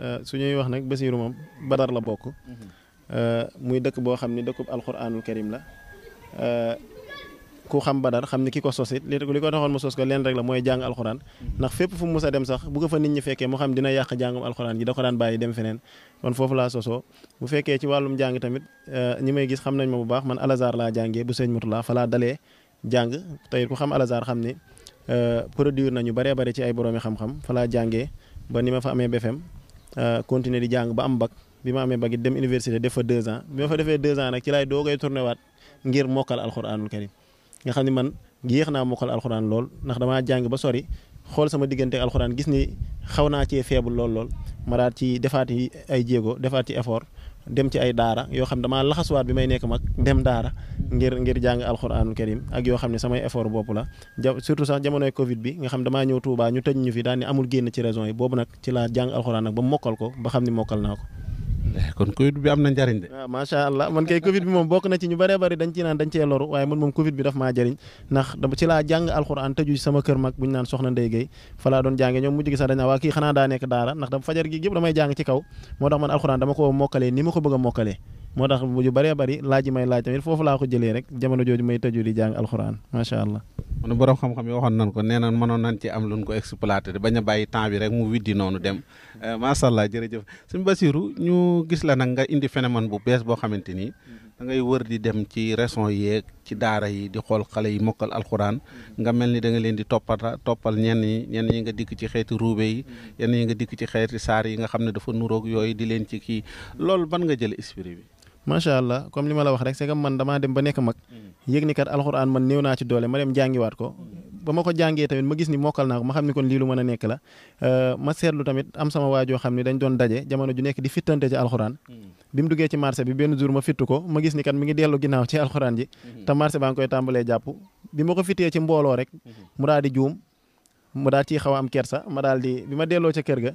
Euh, su ñuy wax nag Basiiru moom Badar la bokk euh, muy dëkk boo xam ni dëkkub alxuraanul karim la euh, ku xam Badar xam ni ki ko sos it li ko taxoon mu sos ko leen rek la mooy jàng alxuraan ndax fépp fu mu mës a dem sax bu ko fa nit ñi fekkee mu xam dina yàq jàngum alxuraan ji da ko feneen kon foofu laa sosoo bu fekkee ci wàllum jàng tamit ñi may gis xam nañ ma bu baax man Al-Azhar laa jàngee bu sëñ Murtala fa laa dalee jàng tey ku xam Al-Azhar xam ni produire nañu bëree bëri ci ay boroomi xam-xam fa laa jàngee ba ni ma fa amee BFM Euh, continuer di jàng ba am bac bi ma amee bac it dem université def fa deux ans bi ma fa defee deux ans nag ci laay doo koy tourné waat ngir mokkal alxuraanul karim nga xam ne man yéex naa mokkal alxuraan lool ndax damaa jàng ba sori xool sama diggante ak alxuraan gis ni xaw naa cee feebul lool lool ma daal ci defaat yi ay jéego defaat ci effort dem ci ay daara yoo xam ne damaa laxasuwaat bi may nekk mag dem daara ngir ngir jàng alxuraanul karim ak yoo xam ne samay effort bopp la ja surtout sax jamonoy Covid bi nga xam damaa ñëw Touba ñu tëj ñu fi daal ni amul génn ci raison yi boobu nag ci laa jàng alxuraan nag ba mokkal ko ba xam ni mokkal naa ko Eh, kon Covid bi am na njariñ de. waaw ah, allah man kay Covid bi moom bokk na ci ñu bare bëri dañ ciy naan dañ cee loru waaye man moom Covid bi daf maa jariñ ndax dama ci laa jàng alxuraan tëju sama bu ñu naan soxna Ndeye Guèye laa doon jàngee ñoom mujj gi sax dañ naa waa kii xanaa daa nekk daara ndax dama fajar gi yëpp damay jàng ci kaw moo tax man alxuraan dama ko mokkalee ni ma ko bëgg a mokkalee moo tax yu bëree bëri laaj may laaj tamit foofu laa ko jëlee rek jamono jooju may tëju di jàng alxuraan macha allah mu ne borom xam-xam yi waxoon nan ko nee na mënoon ci am luñ ko exploité bañ a bàyyi temps bi rek mu widdi noonu dem mm-hmm. eh, macha allah jërëjëf suñu Basiru ñu gis la nag nga indi phénomène bu bees boo xamante ni mm-hmm. da ngay wër di dem ci raison yeeg ci daara yi di xool xale yi mokkal alxuraan mm-hmm. nga mel ni da nga leen di toppata toppal ñenn ñi ñenn ñi nga dikk ci xeeti ruube yi yenn ñi nga dikk ci xeeti saar yi nga xam ne dafa nuroog yooyu di leen ci kii loolu ban nga jël esprit bi macha allah comme li ma la wax rek c'est que man damaa dem ba nekk mag yëg ni kat alxuraan man néew naa ci doole ma dem jàngiwaat ko ba ma ko jàngee tamit ma gis ni mokkal naa ko ma xam ni kon lii lu mën a nekk la euh, ma seetlu tamit am sama waajoo xam ne dañ doon daje jamono ju nekk di fittante ci alxuraan bi mu duggee ci marché bi benn jour ma fittu ko ma gis ni kat mi ngi dellu ginnaaw ci alxuraan ji te marché baa ngi koy tàmbalee jàpp bi ma ko fittee ci mbooloo rek mu daal di juum mu xaw a am kersa ma daal di bi ma delloo ca kër ga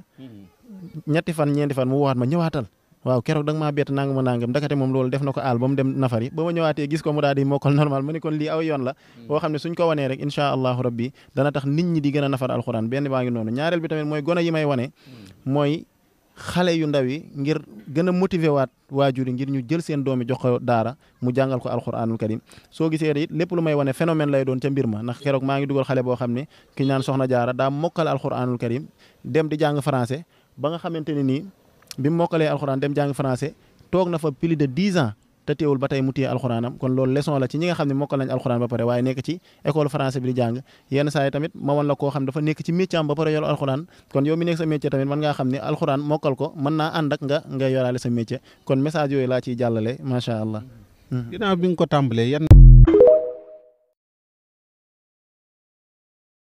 ñetti fan ñeenti fan mu waxaat ma ñëwaatal waaw keroog da nga maa bett nangam nangam ndakate moom loolu def ko aal ba mu dem nafari ba ma ñëwaatee gis ko mu daal di mokkal normal ma kon lii aw yoon la hmm. boo xam ne suñ ko wanee rek insha allahu rabbi dana tax nit ñi di gën a nafar alxuraan benn baa ngi noonu mooy gone hmm. yu ndaw ngir gën a motiver waat waajur yi ngir ñu jël seen doom yi jox ko daara mu jàngal ko alxuraanul karim soo gisee it lépp lu may wane phénomène lay doon ca mbir ma ndax keroog maa ngi dugal xale boo xam ne ki ñaan soxna jaara daa mokkal alxuraanul karim dem di jàng français ba nga xamante ne nii bi mu mokkalee alxuraan dem jàngi français toog na fa plus de dix ans te teewul ba tey mu téye alxuraanam kon loolu leçon la ci ñi nga xam ne mokkal nañ alxuraan ba pare waaye nekk ci école français bi di jàng yenn saa tamit ma wan la koo xam dafa nekk ci métier ba pare yor alxuraan kon yow mi nekk sa métier tamit mën ngaa xam ne alxuraan mokkal ko mën naa ànd nga nga yoraale sa métier kon message yooyu laa ciy jàllale macha allah.